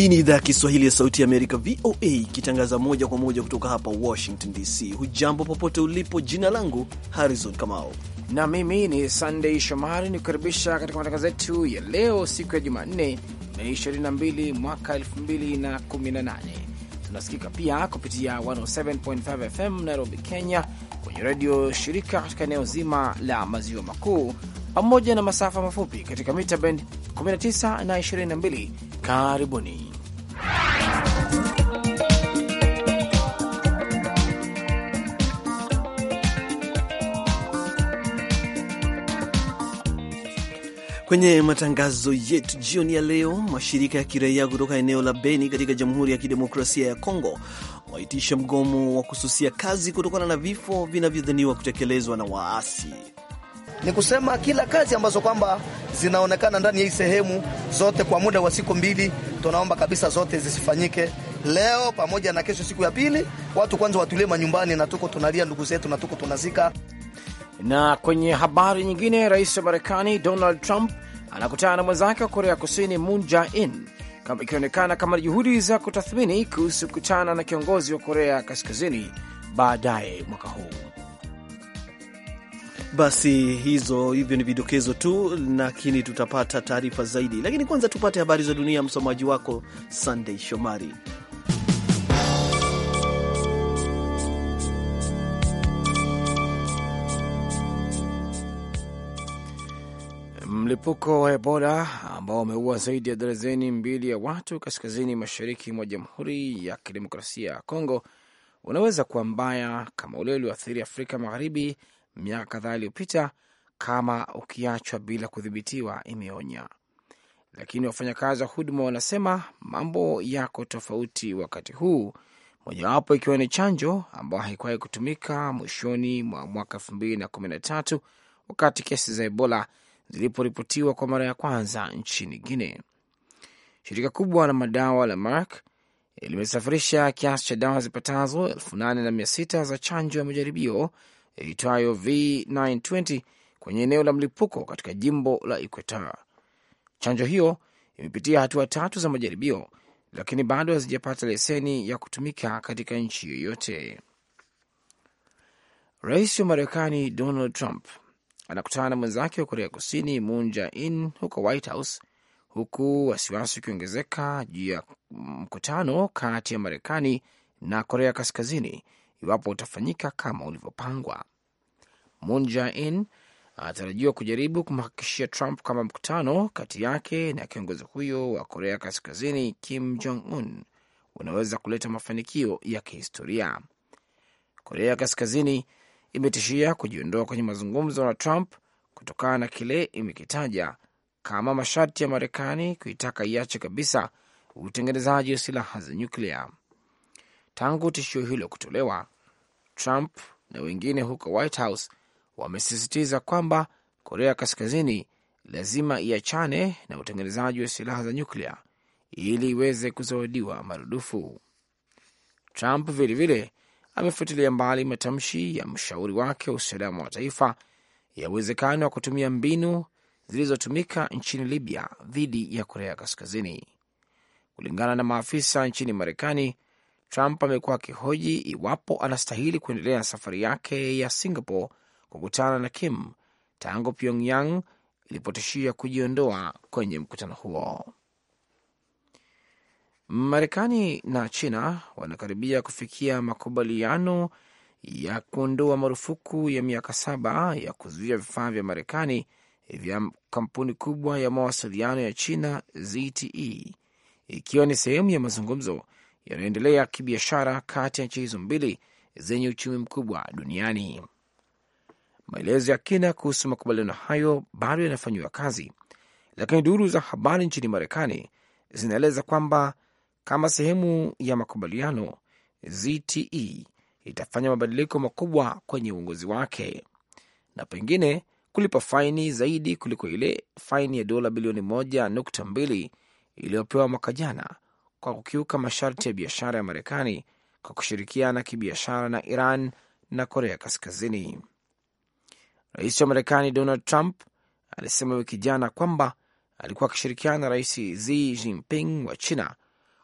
Hii ni idhaa ya Kiswahili ya Sauti ya Amerika, VOA, ikitangaza moja kwa moja kutoka hapa Washington DC. Hujambo popote ulipo, jina langu Harrison Kamau na mimi ni Sandei Shomari, ni kukaribisha katika matangazo yetu ya leo, siku ya Jumanne Mei 22 mwaka 2018. Tunasikika pia kupitia 107.5 FM Nairobi, Kenya, kwenye redio shirika katika eneo zima la maziwa makuu pamoja na masafa mafupi katika mita bend 19 na 22. Karibuni. Kwenye matangazo yetu jioni ya leo, mashirika ya kiraia kutoka eneo la Beni katika Jamhuri ya Kidemokrasia ya Kongo waitisha mgomo wa kususia kazi kutokana na vifo vinavyodhaniwa kutekelezwa na waasi. Ni kusema kila kazi ambazo kwamba zinaonekana ndani ya hii sehemu zote kwa muda wa siku mbili, tunaomba kabisa zote zisifanyike leo pamoja na kesho, siku ya pili. Watu kwanza watulie manyumbani, na tuko tunalia ndugu zetu na tuko tunazika na kwenye habari nyingine, rais wa Marekani Donald Trump anakutana na mwenzake wa Korea Kusini Moon Jae-in, ikionekana kama juhudi za kutathmini kuhusu kukutana na kiongozi wa Korea Kaskazini baadaye mwaka huu. Basi hizo hivyo ni vidokezo tu, lakini tutapata taarifa zaidi. Lakini kwanza tupate habari za dunia, msomaji wako sandey Shomari. Mlipuko wa Ebola ambao umeua zaidi ya darazeni mbili ya watu kaskazini mashariki mwa Jamhuri ya Kidemokrasia ya Kongo unaweza kuwa mbaya kama ule ulioathiri Afrika Magharibi miaka kadhaa iliyopita, kama ukiachwa bila kudhibitiwa, imeonya. Lakini wafanyakazi wa huduma wanasema mambo yako tofauti wakati huu, mojawapo ikiwa ni chanjo ambayo haikuwahi kutumika mwishoni mwa mwaka elfu mbili na kumi na tatu wakati kesi za Ebola ziliporipotiwa kwa mara ya kwanza nchini guine Shirika kubwa la madawa la Merck limesafirisha kiasi cha dawa zipatazo elfu nane na mia sita za chanjo ya majaribio iitwayo V920 kwenye eneo la mlipuko katika jimbo la Equateur. Chanjo hiyo imepitia hatua tatu za majaribio, lakini bado hazijapata leseni ya kutumika katika nchi yoyote. Rais wa Marekani Donald Trump anakutana na mwenzake wa Korea Kusini Moon Jae-in huko White House, huku wasiwasi ukiongezeka juu ya mkutano kati ya Marekani na Korea Kaskazini iwapo utafanyika kama ulivyopangwa. Moon Jae-in anatarajiwa kujaribu kumhakikishia Trump kama mkutano kati yake na kiongozi huyo wa Korea Kaskazini Kim Jong Un unaweza kuleta mafanikio ya kihistoria. Korea Kaskazini imetishia kujiondoa kwenye mazungumzo na Trump kutokana na kile imekitaja kama masharti ya Marekani kuitaka iache kabisa utengenezaji wa silaha za nyuklia. Tangu tishio hilo kutolewa, Trump na wengine huko White House wamesisitiza kwamba Korea Kaskazini lazima iachane na utengenezaji wa silaha za nyuklia ili iweze kuzawadiwa marudufu. Trump vilevile amefutilia mbali matamshi ya mshauri wake wa usalama wa taifa ya uwezekano wa kutumia mbinu zilizotumika nchini Libya dhidi ya Korea Kaskazini. Kulingana na maafisa nchini Marekani, Trump amekuwa akihoji iwapo anastahili kuendelea na safari yake ya Singapore kukutana na Kim tangu Pyongyang ilipotishia kujiondoa kwenye mkutano huo. Marekani na China wanakaribia kufikia makubaliano ya kuondoa marufuku ya miaka saba ya kuzuia vifaa vya Marekani vya kampuni kubwa ya mawasiliano ya China ZTE, ikiwa ni sehemu ya mazungumzo yanayoendelea kibiashara kati ya nchi hizo mbili zenye uchumi mkubwa duniani. Maelezo ya kina kuhusu makubaliano hayo bado yanafanyiwa kazi, lakini duru za habari nchini Marekani zinaeleza kwamba kama sehemu ya makubaliano, ZTE itafanya mabadiliko makubwa kwenye uongozi wake na pengine kulipa faini zaidi kuliko ile faini ya dola bilioni moja nukta mbili iliyopewa mwaka jana kwa kukiuka masharti ya biashara ya Marekani kwa kushirikiana kibiashara na Iran na Korea Kaskazini. Rais wa Marekani Donald Trump alisema wiki jana kwamba alikuwa akishirikiana na Rais Xi Jinping wa China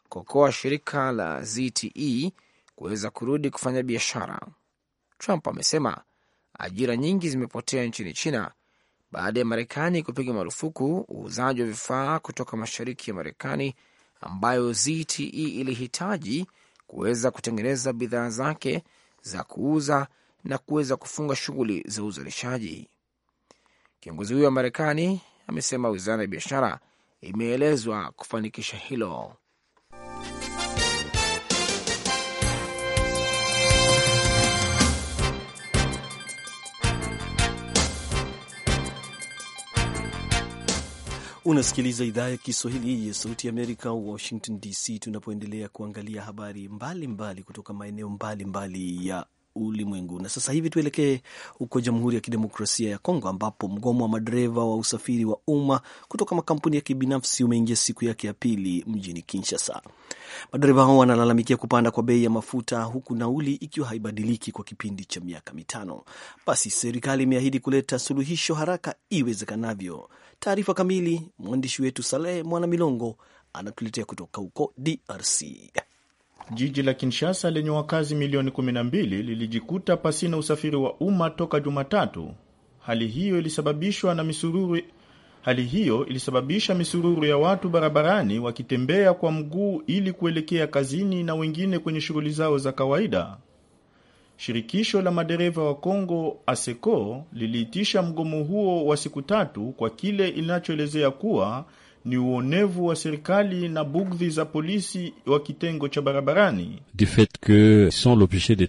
kuokoa shirika la ZTE kuweza kurudi kufanya biashara. Trump amesema ajira nyingi zimepotea nchini China baada ya Marekani kupiga marufuku uuzaji wa vifaa kutoka mashariki ya Marekani ambayo ZTE ilihitaji kuweza kutengeneza bidhaa zake za kuuza na kuweza kufunga shughuli za uzalishaji. Kiongozi huyo wa Marekani amesema wizara ya biashara imeelezwa kufanikisha hilo. Unasikiliza idhaa ya Kiswahili ya Sauti ya Amerika, Washington DC, tunapoendelea kuangalia habari mbalimbali mbali kutoka maeneo mbalimbali ya ulimwengu. Na sasa hivi tuelekee huko Jamhuri ya Kidemokrasia ya Kongo, ambapo mgomo wa madereva wa usafiri wa umma kutoka makampuni ya kibinafsi umeingia siku yake ya pili mjini Kinshasa. Madereva hao wanalalamikia kupanda kwa bei ya mafuta huku nauli ikiwa haibadiliki kwa kipindi cha miaka mitano. Basi serikali imeahidi kuleta suluhisho haraka iwezekanavyo. Taarifa kamili, mwandishi wetu Saleh Mwanamilongo anatuletea kutoka huko DRC. Jiji la Kinshasa lenye wakazi milioni 12 lilijikuta pasina usafiri wa umma toka Jumatatu. Hali hiyo ilisababishwa na misururu Hali hiyo ilisababisha misururu ya watu barabarani wakitembea kwa mguu ili kuelekea kazini na wengine kwenye shughuli zao za kawaida. Shirikisho la madereva wa Kongo ASECO liliitisha mgomo huo wa siku tatu kwa kile inachoelezea kuwa ni uonevu wa serikali na bugdhi za polisi wa kitengo cha barabarani. Du fait que sont l'objet de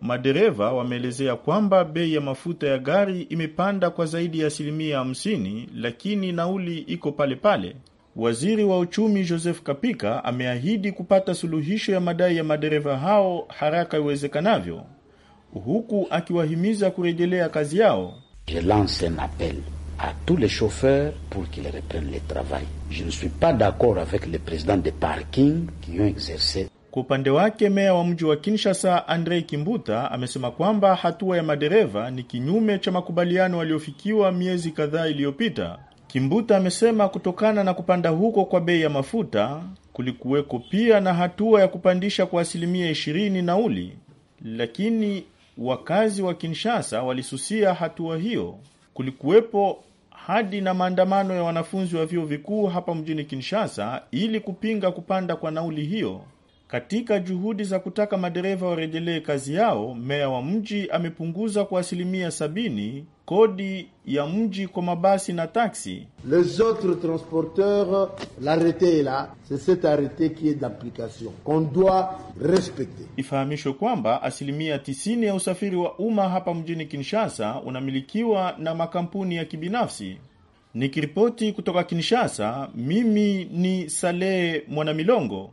Madereva wameelezea kwamba bei ya mafuta ya gari imepanda kwa zaidi ya asilimia 50, lakini nauli iko pale pale. Waziri wa uchumi Joseph Kapika ameahidi kupata suluhisho ya madai ya madereva hao haraka iwezekanavyo, huku akiwahimiza kurejelea kazi yao. Je lance un appel a tous les chauffeurs pour qu'ils reprennent le travail. Je ne suis pas d'accord avec les presidents de parking qui ont kwa upande wake meya wa mji wa Kinshasa Andrei Kimbuta amesema kwamba hatua ya madereva ni kinyume cha makubaliano yaliyofikiwa miezi kadhaa iliyopita. Kimbuta amesema kutokana na kupanda huko kwa bei ya mafuta kulikuweko pia na hatua ya kupandisha kwa asilimia 20 nauli, lakini wakazi wa Kinshasa walisusia hatua hiyo. Kulikuwepo hadi na maandamano ya wanafunzi wa vyuo vikuu hapa mjini Kinshasa ili kupinga kupanda kwa nauli hiyo. Katika juhudi za kutaka madereva warejelee kazi yao, meya wa mji amepunguza kwa asilimia sabini kodi ya mji kwa mabasi na taksi. Les autres transporteurs l'arrete la c'est cet arrete qui est d'application qu'on doit respecter. Ifahamishwe kwamba asilimia tisini ya usafiri wa umma hapa mjini Kinshasa unamilikiwa na makampuni ya kibinafsi. Nikiripoti kutoka Kinshasa, mimi ni Saleh Mwanamilongo.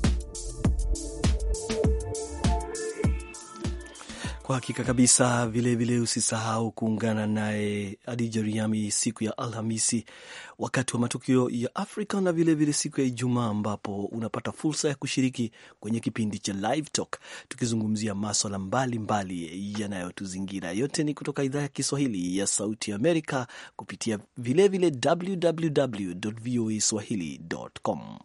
Kwa hakika kabisa. Vilevile usisahau kuungana naye Adija Riami siku ya Alhamisi wakati wa matukio ya Afrika na vilevile vile siku ya Ijumaa ambapo unapata fursa ya kushiriki kwenye kipindi cha Live Talk tukizungumzia maswala mbalimbali yanayotuzingira. Yote ni kutoka idhaa ya Kiswahili ya Sauti Amerika kupitia vilevile www.voaswahili.com.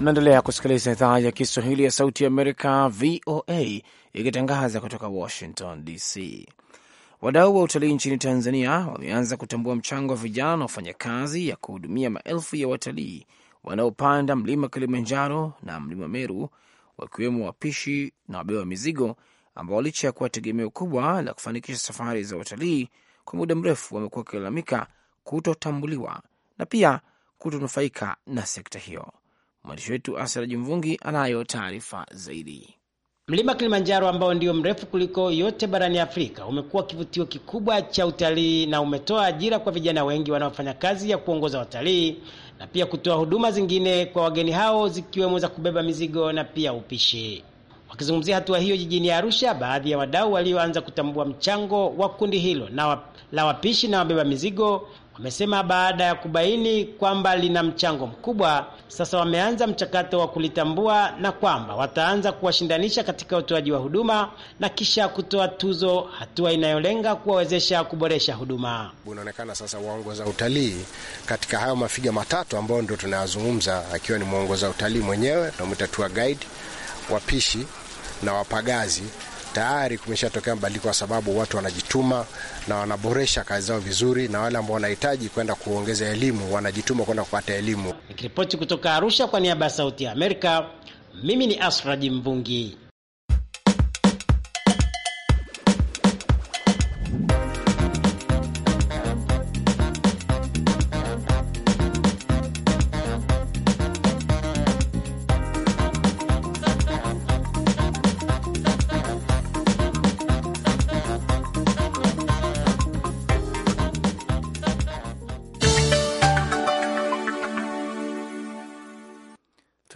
Mnaendelea kusikiliza idhaa ya Kiswahili ya Sauti ya Amerika, VOA, ikitangaza kutoka Washington DC. Wadau wa utalii nchini Tanzania wameanza kutambua mchango wa vijana na wafanyakazi ya kuhudumia maelfu ya watalii wanaopanda mlima Kilimanjaro na mlima Meru, wakiwemo wapishi na wabeba mizigo ambao licha ya kuwa tegemeo kubwa la kufanikisha safari za watalii, kwa muda mrefu wamekuwa wakilalamika kutotambuliwa na pia kutonufaika na sekta hiyo. Mwandishi wetu Asraji Mvungi anayo taarifa zaidi. Mlima Kilimanjaro ambao ndio mrefu kuliko yote barani Afrika umekuwa kivutio kikubwa cha utalii na umetoa ajira kwa vijana wengi wanaofanya kazi ya kuongoza watalii na pia kutoa huduma zingine kwa wageni hao zikiwemo za kubeba mizigo na pia upishi. Wakizungumzia hatua hiyo jijini Arusha, baadhi ya wadau walioanza kutambua mchango wa kundi hilo na wap, la wapishi na wabeba mizigo wamesema baada ya kubaini kwamba lina mchango mkubwa, sasa wameanza mchakato wa kulitambua na kwamba wataanza kuwashindanisha katika utoaji wa huduma na kisha kutoa tuzo, hatua inayolenga kuwawezesha kuboresha huduma. Unaonekana sasa waongoza utalii katika hayo mafiga matatu ambayo ndio tunayazungumza, akiwa ni mwongoza utalii mwenyewe, tunamwita tour guide, wapishi na wapagazi tayari kumeshatokea mabadiliko, kwa sababu watu wanajituma na wanaboresha kazi zao vizuri, na wale ambao wanahitaji kwenda kuongeza elimu wanajituma kwenda kupata elimu. Nikiripoti kutoka Arusha kwa niaba ya Sauti ya Amerika, mimi ni Asraji Mvungi.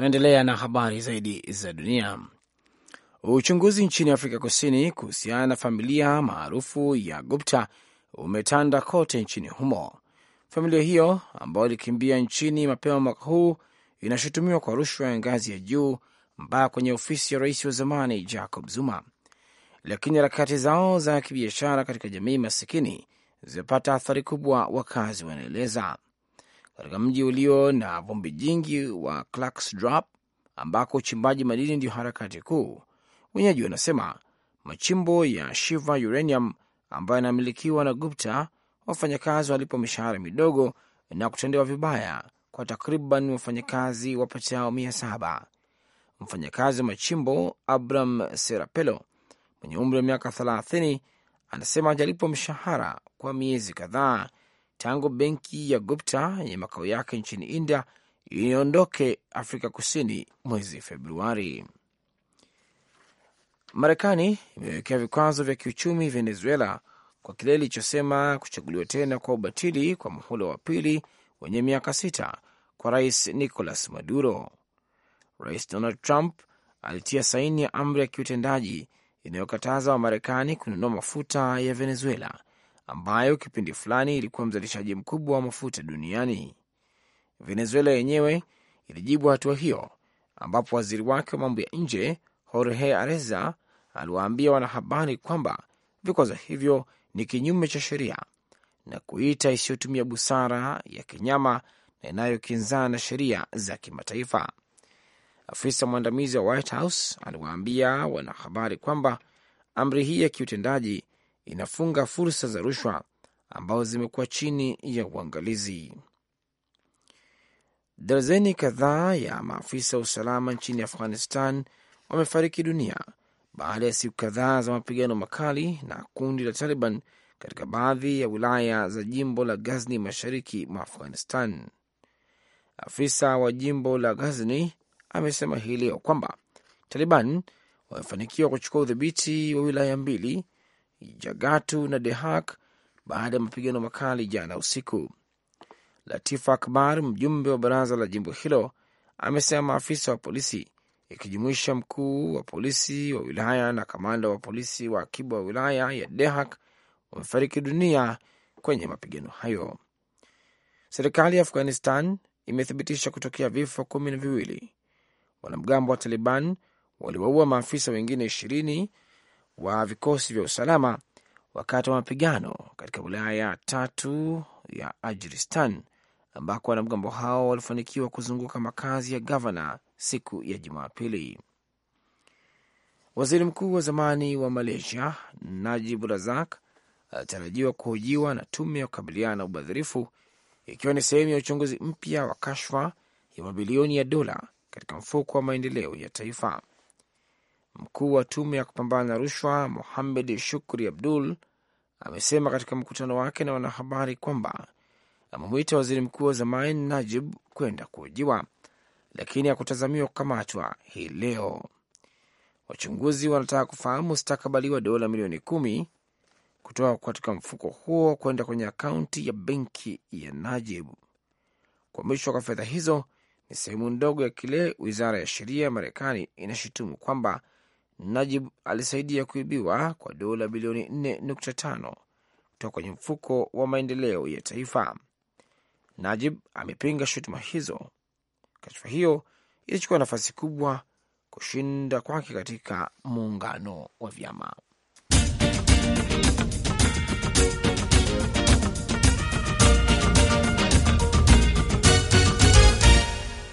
Tunaendelea na habari zaidi za dunia. Uchunguzi nchini Afrika Kusini kuhusiana na familia maarufu ya Gupta umetanda kote nchini humo. Familia hiyo ambayo ilikimbia nchini mapema mwaka huu inashutumiwa kwa rushwa ya ngazi ya juu mbaya kwenye ofisi ya rais wa zamani Jacob Zuma, lakini harakati zao za kibiashara katika jamii masikini zimepata athari kubwa, wakazi wanaeleza katika mji ulio na vumbi jingi wa Clarksdorp ambako uchimbaji madini ndiyo harakati kuu. Wenyeji wanasema machimbo ya Shiva Uranium ambayo yanamilikiwa na Gupta, wafanyakazi walipo mishahara midogo na kutendewa vibaya kwa takriban wafanyakazi wapatao mia saba. Mfanyakazi wa machimbo Abram Serapelo mwenye umri wa miaka thelathini anasema hajalipwa mshahara kwa miezi kadhaa tangu benki ya Gupta yenye makao yake nchini India iondoke Afrika Kusini mwezi Februari. Marekani imewekea vikwazo vya kiuchumi Venezuela kwa kile ilichosema kuchaguliwa tena kwa ubatili kwa muhula wa pili wenye miaka sita kwa rais Nicolas Maduro. Rais Donald Trump alitia saini ya amri ya kiutendaji inayokataza Wamarekani kununua mafuta ya Venezuela ambayo kipindi fulani ilikuwa mzalishaji mkubwa wa mafuta duniani. Venezuela yenyewe ilijibu hatua hiyo, ambapo waziri wake wa mambo ya nje Jorge Areza aliwaambia wanahabari kwamba vikwazo hivyo ni kinyume cha sheria na kuita isiyotumia busara ya kinyama na inayokinzana na sheria za kimataifa. Afisa mwandamizi wa White House aliwaambia wanahabari kwamba amri hii ya kiutendaji inafunga fursa za rushwa ambazo zimekuwa chini ya uangalizi. Darzeni kadhaa ya maafisa wa usalama nchini Afghanistan wamefariki dunia baada ya siku kadhaa za mapigano makali na kundi la Taliban katika baadhi ya wilaya za jimbo la Ghazni mashariki mwa Afghanistan. Afisa wa jimbo la Ghazni amesema hii leo kwamba Taliban wamefanikiwa kuchukua udhibiti wa wilaya mbili Jagatu na Dehak baada ya mapigano makali jana usiku. Latifa Akbar, mjumbe wa baraza la jimbo hilo, amesema maafisa wa polisi ikijumuisha mkuu wa polisi wa wilaya na kamanda wa polisi wa akiba wa wilaya ya Dehak wamefariki dunia kwenye mapigano hayo. Serikali ya Afghanistan imethibitisha kutokea vifo kumi na viwili. Wanamgambo wa Taliban waliwaua maafisa wengine ishirini wa vikosi vya usalama wakati wa mapigano katika wilaya tatu ya ajristan ambako wanamgambo hao walifanikiwa kuzunguka makazi ya gavana siku ya Jumapili. Waziri mkuu wa zamani wa Malaysia Najib Razak alitarajiwa kuhojiwa na tume ya kukabiliana na ubadhirifu ikiwa ni sehemu ya uchunguzi mpya wa kashfa ya mabilioni ya dola katika mfuko wa maendeleo ya taifa. Mkuu wa tume ya kupambana na rushwa muhamed Shukri Abdul amesema katika mkutano wake na wanahabari kwamba amemwita waziri mkuu wa zamani Najib kwenda kuhojiwa, lakini hakutazamiwa kukamatwa hii leo. Wachunguzi wanataka kufahamu mustakabali wa dola milioni kumi kutoka katika mfuko huo kwenda kwenye akaunti ya benki ya Najib. Kuhamishwa kwa fedha hizo ni sehemu ndogo ya kile wizara ya sheria ya Marekani inashutumu kwamba Najib alisaidia kuibiwa kwa dola bilioni 4.5 kutoka kwenye mfuko wa maendeleo ya taifa. Najib amepinga shutuma hizo. Kashfa hiyo ilichukua nafasi kubwa kushinda kwake katika muungano wa vyama.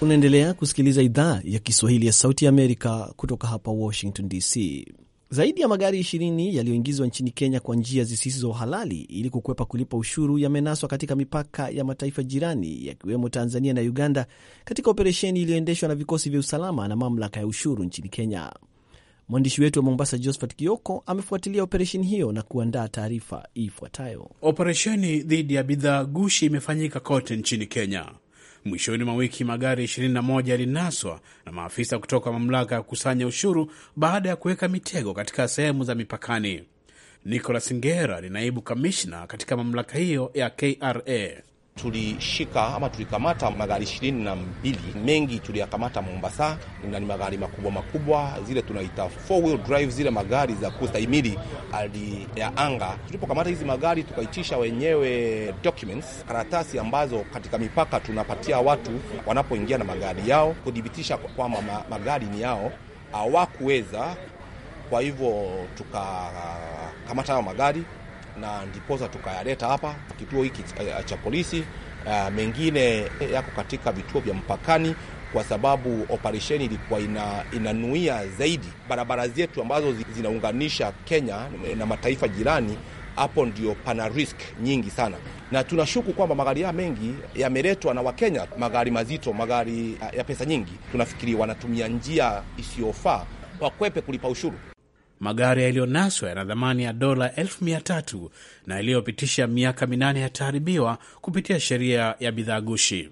Unaendelea kusikiliza idhaa ya Kiswahili ya Sauti ya Amerika kutoka hapa Washington DC. Zaidi ya magari ishirini yaliyoingizwa nchini Kenya kwa njia zisizo halali ili kukwepa kulipa ushuru yamenaswa katika mipaka ya mataifa jirani yakiwemo Tanzania na Uganda katika operesheni iliyoendeshwa na vikosi vya usalama na mamlaka ya ushuru nchini Kenya. Mwandishi wetu wa Mombasa, Josphat Kioko, amefuatilia operesheni hiyo na kuandaa taarifa ifuatayo. Operesheni dhidi ya bidhaa gushi imefanyika kote nchini Kenya. Mwishoni mwa wiki magari 21 yalinaswa na maafisa kutoka mamlaka ya kukusanya ushuru baada ya kuweka mitego katika sehemu za mipakani. Nicolas Ngera ni naibu kamishna katika mamlaka hiyo ya KRA. Tulishika ama tulikamata magari ishirini na mbili. Mengi tuliyakamata Mombasa, na ni magari makubwa makubwa, zile tunaita four wheel drive, zile magari za kustahimili hali ya anga. Tulipokamata hizi magari, tukaitisha wenyewe documents, karatasi ambazo katika mipaka tunapatia watu wanapoingia na magari yao kudhibitisha kwamba magari ni yao. Hawakuweza, kwa hivyo tukakamata hayo magari na ndiposa tukayaleta hapa kituo hiki eh, cha polisi. Uh, mengine eh, yako katika vituo vya mpakani kwa sababu operesheni ilikuwa ina, inanuia zaidi barabara zetu ambazo zinaunganisha Kenya na mataifa jirani. Hapo ndio pana risk nyingi sana, na tunashuku kwamba magari haya mengi yameletwa na Wakenya, magari mazito, magari ah, ya pesa nyingi. Tunafikiri wanatumia njia isiyofaa wakwepe kulipa ushuru. Magari yaliyonaswa yana thamani ya dola elfu mia tatu na yaliyopitisha miaka minane yataharibiwa kupitia sheria ya bidhaa gushi.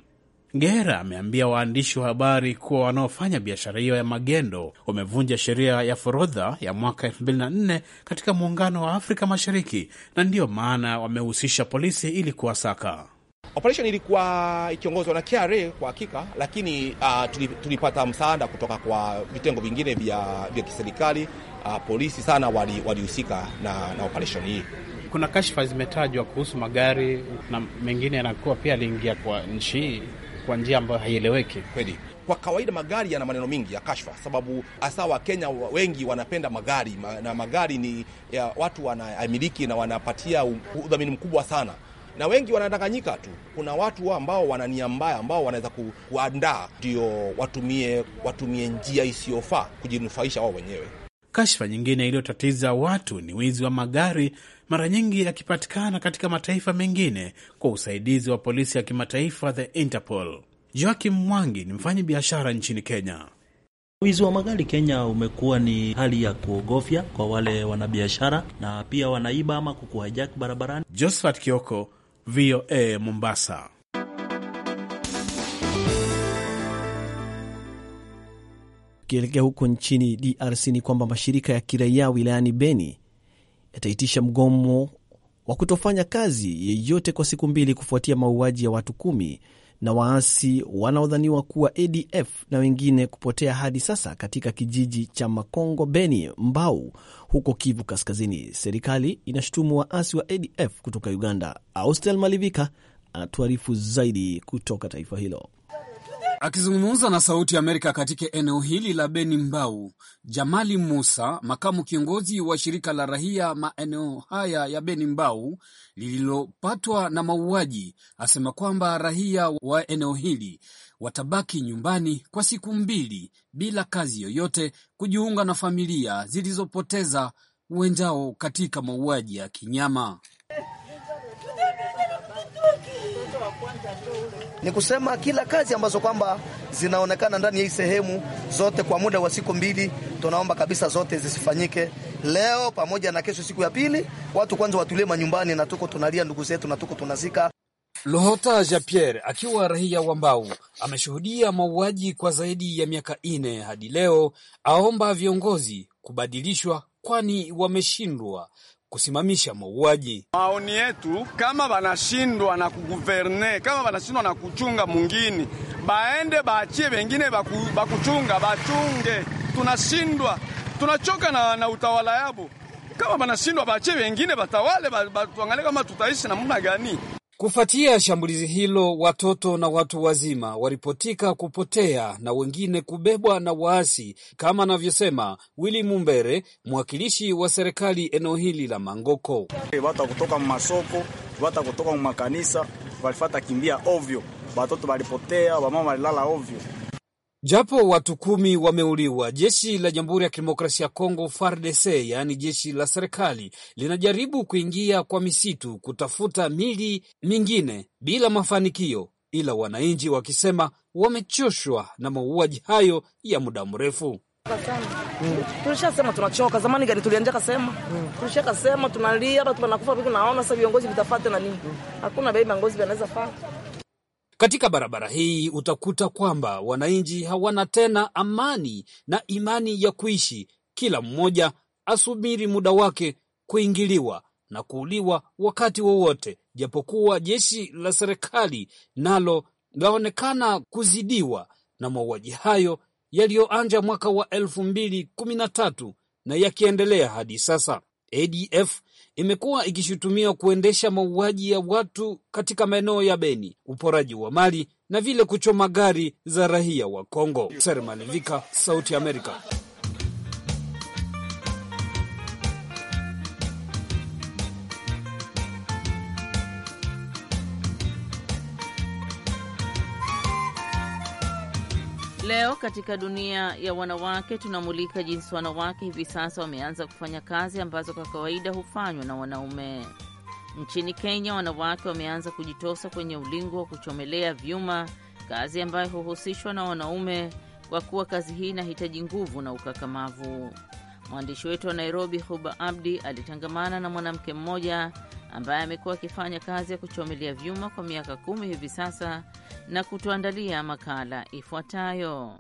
Ngera ameambia waandishi wa habari kuwa wanaofanya biashara hiyo ya magendo wamevunja sheria ya forodha ya mwaka 2004 katika Muungano wa Afrika Mashariki, na ndiyo maana wamehusisha polisi ili kuwasaka. Operation ilikuwa ikiongozwa na KRA kwa hakika, lakini uh, tulipata msaada kutoka kwa vitengo vingine vya, vya kiserikali uh, polisi sana walihusika wali na, na operation hii. Kuna kashfa zimetajwa kuhusu magari na mengine yanakuwa pia aliingia kwa nchi hii kwa njia ambayo haieleweki kweli. Kwa kawaida magari yana maneno mingi ya kashfa, sababu hasa Wakenya wengi wanapenda magari na magari ni ya, watu wanaamiliki na wanapatia udhamini mkubwa sana na wengi wanadanganyika tu. Kuna watu ambao wana nia mbaya ambao wanaweza kuandaa ndio watumie, watumie njia isiyofaa kujinufaisha wao wenyewe. Kashfa nyingine iliyotatiza watu ni wizi wa magari, mara nyingi yakipatikana katika mataifa mengine kwa usaidizi wa polisi ya kimataifa the Interpol. Joakim Mwangi ni mfanyi biashara nchini Kenya. Wizi wa magari Kenya umekuwa ni hali ya kuogofya kwa wale wanabiashara na pia wanaiba ama kukuhijack barabarani. Josephat Kioko VOA Mombasa. Tukielekea huko nchini DRC ni kwamba mashirika ya kiraia wilayani Beni yataitisha mgomo wa kutofanya kazi yeyote kwa siku mbili kufuatia mauaji ya watu kumi na waasi wanaodhaniwa kuwa ADF na wengine kupotea hadi sasa katika kijiji cha Makongo Beni Mbau huko Kivu Kaskazini. Serikali inashutumu waasi wa ADF kutoka Uganda. Austel Malivika anatuarifu zaidi kutoka taifa hilo. Akizungumza na Sauti ya Amerika katika eneo hili la Beni Mbau, Jamali Musa, makamu kiongozi wa shirika la rahia maeneo haya ya Beni Mbau lililopatwa na mauaji, asema kwamba rahia wa eneo hili watabaki nyumbani kwa siku mbili bila kazi yoyote, kujiunga na familia zilizopoteza wenzao katika mauaji ya kinyama. Ni kusema kila kazi ambazo kwamba zinaonekana ndani ya hii sehemu zote kwa muda wa siku mbili, tunaomba kabisa zote zisifanyike leo pamoja na kesho, siku ya pili. Watu kwanza watulie manyumbani, na tuko tunalia ndugu zetu, na tuko tunazika. Lohota Jean Pierre akiwa raia wa Mbau ameshuhudia mauaji kwa zaidi ya miaka ine hadi leo, aomba viongozi kubadilishwa, kwani wameshindwa kusimamisha mauaji. Maoni yetu kama wanashindwa na kuguverne, kama wanashindwa na kuchunga mungini, baende baachie wengine baku, bakuchunga bachunge. Tunashindwa, tunachoka na, na utawala yabo. Kama wanashindwa baachie wengine batawale, batuangalie kama tutaishi namna gani. Kufuatia shambulizi hilo, watoto na watu wazima waripotika kupotea na wengine kubebwa na waasi, kama anavyosema Willy Mumbere, mwakilishi wa serikali eneo hili la Mangoko. Vata kutoka masoko, vata kutoka makanisa walifata kimbia ovyo, watoto walipotea, wamama walilala ovyo Japo watu kumi wameuliwa, jeshi la Jamhuri ya Kidemokrasia ya Kongo FARDC, yaani jeshi la serikali linajaribu kuingia kwa misitu kutafuta mili mingine bila mafanikio, ila wananchi wakisema wamechoshwa na mauaji hayo ya muda mrefu. Hmm. Tulishasema tunachoka zamani, hmm. tunalia, sasa viongozi na nini? Hakuna vinaweza katika barabara hii utakuta kwamba wananchi hawana tena amani na imani ya kuishi, kila mmoja asubiri muda wake kuingiliwa na kuuliwa wakati wowote, japokuwa jeshi la serikali nalo laonekana kuzidiwa na mauaji hayo yaliyoanza mwaka wa elfu mbili kumi na tatu na yakiendelea hadi sasa. ADF imekuwa ikishutumiwa kuendesha mauaji ya watu katika maeneo ya Beni, uporaji wa mali na vile kuchoma gari za raia wa Kongo. Sermalivika, Sauti Amerika. Leo katika dunia ya wanawake tunamulika jinsi wanawake hivi sasa wameanza kufanya kazi ambazo kwa kawaida hufanywa na wanaume. Nchini Kenya, wanawake wameanza kujitosa kwenye ulingo wa kuchomelea vyuma, kazi ambayo huhusishwa na wanaume, kwa kuwa kazi hii inahitaji nguvu na ukakamavu. Mwandishi wetu wa Nairobi, Huba Abdi, alitangamana na mwanamke mmoja ambaye amekuwa akifanya kazi ya kuchomelea vyuma kwa miaka kumi hivi sasa na kutuandalia makala ifuatayo.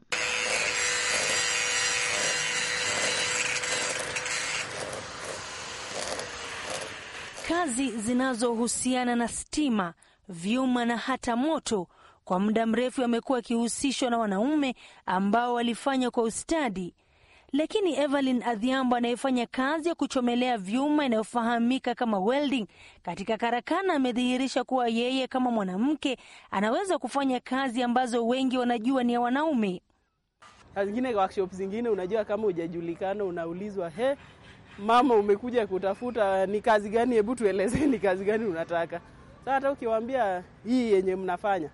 Kazi zinazohusiana na stima, vyuma na hata moto kwa muda mrefu amekuwa akihusishwa na wanaume ambao walifanya kwa ustadi lakini Evelyn Adhiambo anayefanya kazi ya kuchomelea vyuma inayofahamika kama welding katika karakana amedhihirisha kuwa yeye kama mwanamke anaweza kufanya kazi ambazo wengi wanajua ni ya wanaume. zingine workshop zingine, unajua kama hujajulikana, unaulizwa he, mama, umekuja kutafuta ni kazi gani? Hebu tueleze ni kazi gani unataka. Sasa hata ukiwaambia hii yenye mnafanya,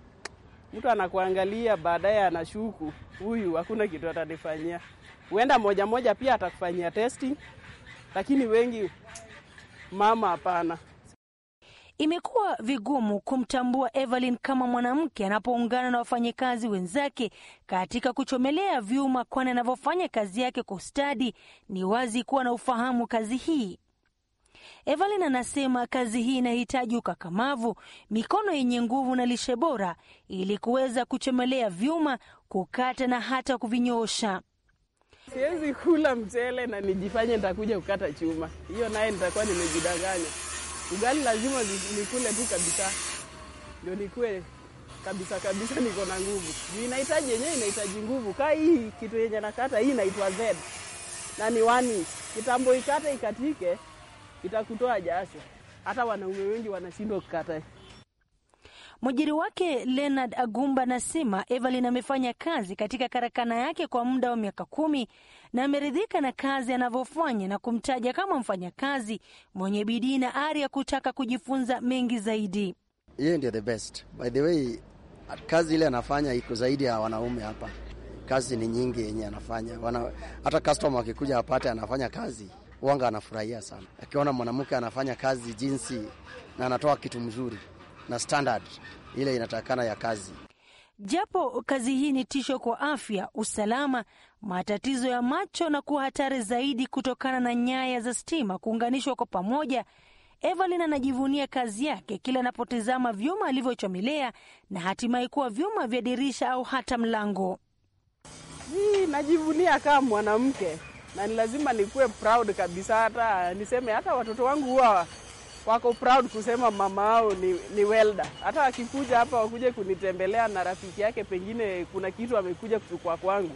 mtu anakuangalia, baadaye anashuku, huyu hakuna kitu atanifanyia. Huenda moja moja pia atakufanyia testing, lakini wengi mama hapana. Imekuwa vigumu kumtambua Evelyn kama mwanamke anapoungana na wafanyikazi wenzake katika kuchomelea vyuma, kwani anavyofanya kazi yake kwa ustadi, ni wazi kuwa na ufahamu kazi hii. Evelyn anasema kazi hii inahitaji ukakamavu, mikono yenye nguvu na lishe bora ili kuweza kuchomelea vyuma, kukata na hata kuvinyoosha. Siwezi kula mchele na nijifanye nitakuja kukata chuma, hiyo naye nitakuwa nimejidanganya. Ugali lazima nikule tu kabisa, ndio nikue kabisa kabisa, niko na nguvu juu inahitaji yenyewe, inahitaji nguvu. Kaa hii kitu yenye nakata hii inaitwa Z na ni wani kitambo, ikate ikatike, itakutoa jasho. Hata wanaume wengi wanashindwa kukata Mwajiri wake Leonard Agumba anasema Evelyn amefanya kazi katika karakana yake kwa muda wa miaka kumi na ameridhika na kazi anavyofanya na kumtaja kama mfanyakazi mwenye bidii na ari ya kutaka kujifunza mengi zaidi. Yeye ndio the best. By the way, kazi ile anafanya iko zaidi ya wanaume hapa. Kazi ni nyingi yenye anafanya wana, hata customer akikuja apate anafanya kazi wanga anafurahia sana akiona mwanamke anafanya kazi jinsi na anatoa kitu mzuri na standard ile inatakana ya kazi. Japo kazi hii ni tisho kwa afya, usalama, matatizo ya macho na kuwa hatari zaidi kutokana na nyaya za stima kuunganishwa kwa pamoja. Evelyn anajivunia kazi yake kila anapotizama vyuma alivyochomelea na hatimaye kuwa vyuma vya dirisha au hata mlango. Hii najivunia kama mwanamke na ni lazima nikuwe proud kabisa, hata niseme hata watoto wangu huwa wako proud kusema mama yao ni, ni welda. Hata wakikuja hapa wakuje kunitembelea na rafiki yake, pengine kuna kitu amekuja kuchukua kwangu,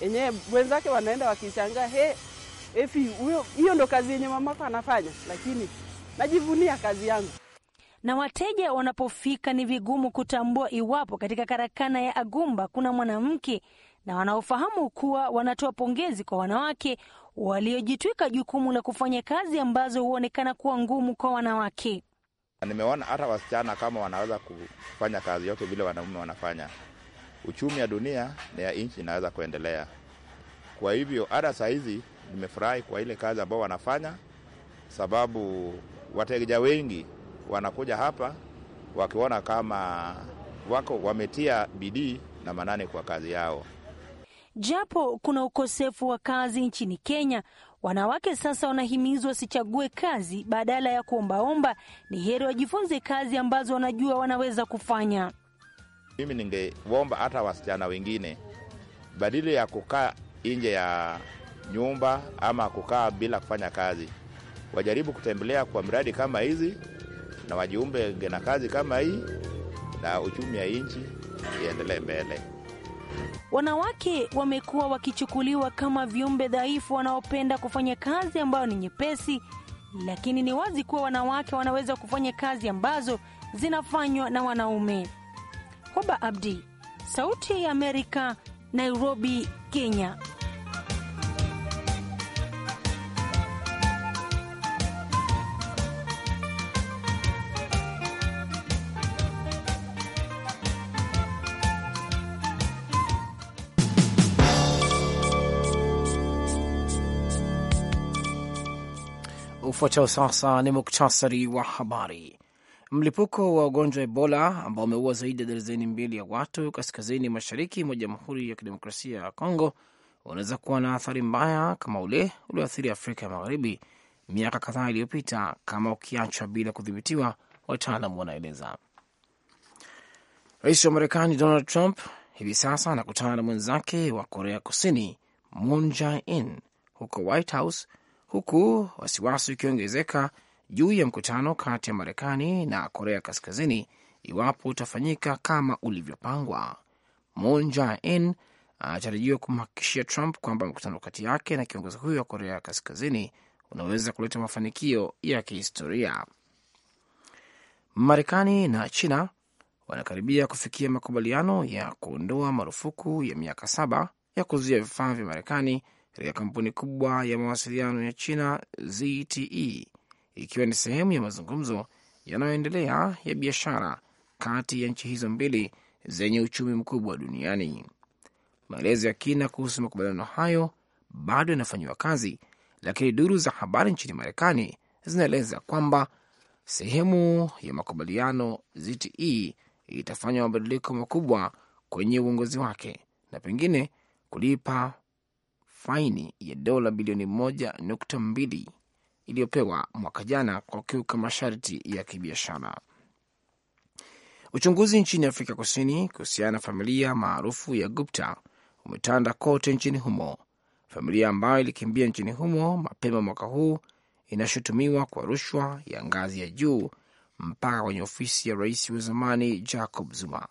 enyewe wenzake wanaenda wakishangaa, he, efi huyo, hiyo ndo kazi yenye mamako anafanya, lakini najivunia kazi yangu. Na wateja wanapofika ni vigumu kutambua iwapo katika karakana ya Agumba kuna mwanamke, na wanaofahamu kuwa wanatoa pongezi kwa wanawake waliojitwika jukumu la kufanya kazi ambazo huonekana kuwa ngumu kwa wanawake. Nimeona hata wasichana kama wanaweza kufanya kazi yote vile wanaume wanafanya, uchumi ya dunia na ya nchi inaweza kuendelea. Kwa hivyo hata saa hizi nimefurahi kwa ile kazi ambao wanafanya, sababu wateja wengi wanakuja hapa wakiona kama wako wametia bidii na manane kwa kazi yao. Japo kuna ukosefu wa kazi nchini Kenya, wanawake sasa wanahimizwa wasichague kazi badala ya kuombaomba. Ni heri wajifunze kazi ambazo wanajua wanaweza kufanya. Mimi ningeomba hata wasichana wengine, badili ya kukaa nje ya nyumba ama kukaa bila kufanya kazi, wajaribu kutembelea kwa mradi kama hizi na wajiumbe na kazi kama hii, na uchumi ya nchi iendelee mbele. Wanawake wamekuwa wakichukuliwa kama viumbe dhaifu wanaopenda kufanya kazi ambayo ni nyepesi, lakini ni wazi kuwa wanawake wanaweza kufanya kazi ambazo zinafanywa na wanaume. Hoba Abdi, Sauti ya Amerika, Nairobi, Kenya. Ufuatao sasa ni muktasari wa habari. Mlipuko wa ugonjwa wa Ebola ambao umeua zaidi ya darzeni mbili ya watu kaskazini mashariki mwa Jamhuri ya Kidemokrasia ya Kongo unaweza kuwa na athari mbaya kama ule ulioathiri Afrika ya Magharibi miaka kadhaa iliyopita kama ukiachwa bila kudhibitiwa, wataalam wanaeleza. Rais wa Marekani Donald Trump hivi sasa anakutana na mwenzake wa Korea Kusini Moon Jae-in huko White House huku wasiwasi ukiongezeka juu ya mkutano kati ya Marekani na Korea Kaskazini iwapo utafanyika kama ulivyopangwa. Moon Jae-in anatarajiwa kumhakikishia Trump kwamba mkutano kati yake na kiongozi huyo wa Korea Kaskazini unaweza kuleta mafanikio ya kihistoria. Marekani na China wanakaribia kufikia makubaliano ya kuondoa marufuku ya miaka saba ya kuzuia vifaa vya Marekani katika kampuni kubwa ya mawasiliano ya China ZTE, ikiwa ni sehemu ya mazungumzo yanayoendelea ya biashara kati ya nchi hizo mbili zenye uchumi mkubwa duniani. Maelezo ya kina kuhusu makubaliano hayo bado yanafanyiwa kazi, lakini duru za habari nchini Marekani zinaeleza kwamba sehemu ya makubaliano ZTE itafanya mabadiliko makubwa kwenye uongozi wake na pengine kulipa faini ya dola bilioni moja nukta mbili iliyopewa mwaka jana kwa kiuka masharti ya kibiashara. Uchunguzi nchini Afrika Kusini kuhusiana na familia maarufu ya Gupta umetanda kote nchini humo. Familia ambayo ilikimbia nchini humo mapema mwaka huu inashutumiwa kwa rushwa ya ngazi ya juu mpaka kwenye ofisi ya rais wa zamani Jacob Zuma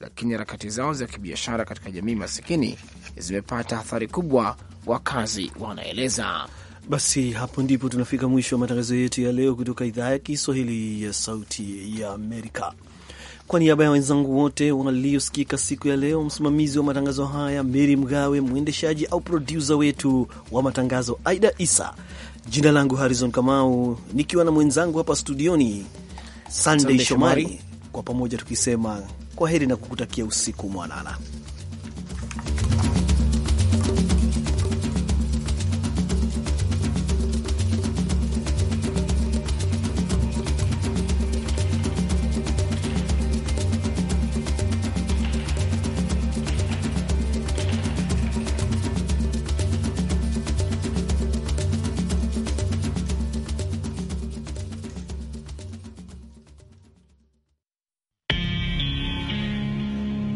lakini harakati zao za kibiashara katika jamii masikini zimepata athari kubwa, wakazi wanaeleza. Basi hapo ndipo tunafika mwisho wa matangazo yetu ya leo kutoka idhaa ya Kiswahili ya Sauti ya Amerika. Kwa niaba ya wenzangu wote waliosikika siku ya leo, msimamizi wa matangazo haya Meri Mgawe, mwendeshaji au produsa wetu wa matangazo Aida Isa, jina langu Harrison Kamau nikiwa na mwenzangu hapa studioni Sandey Shomari, kwa pamoja tukisema kwa heri na kukutakia usiku mwanana.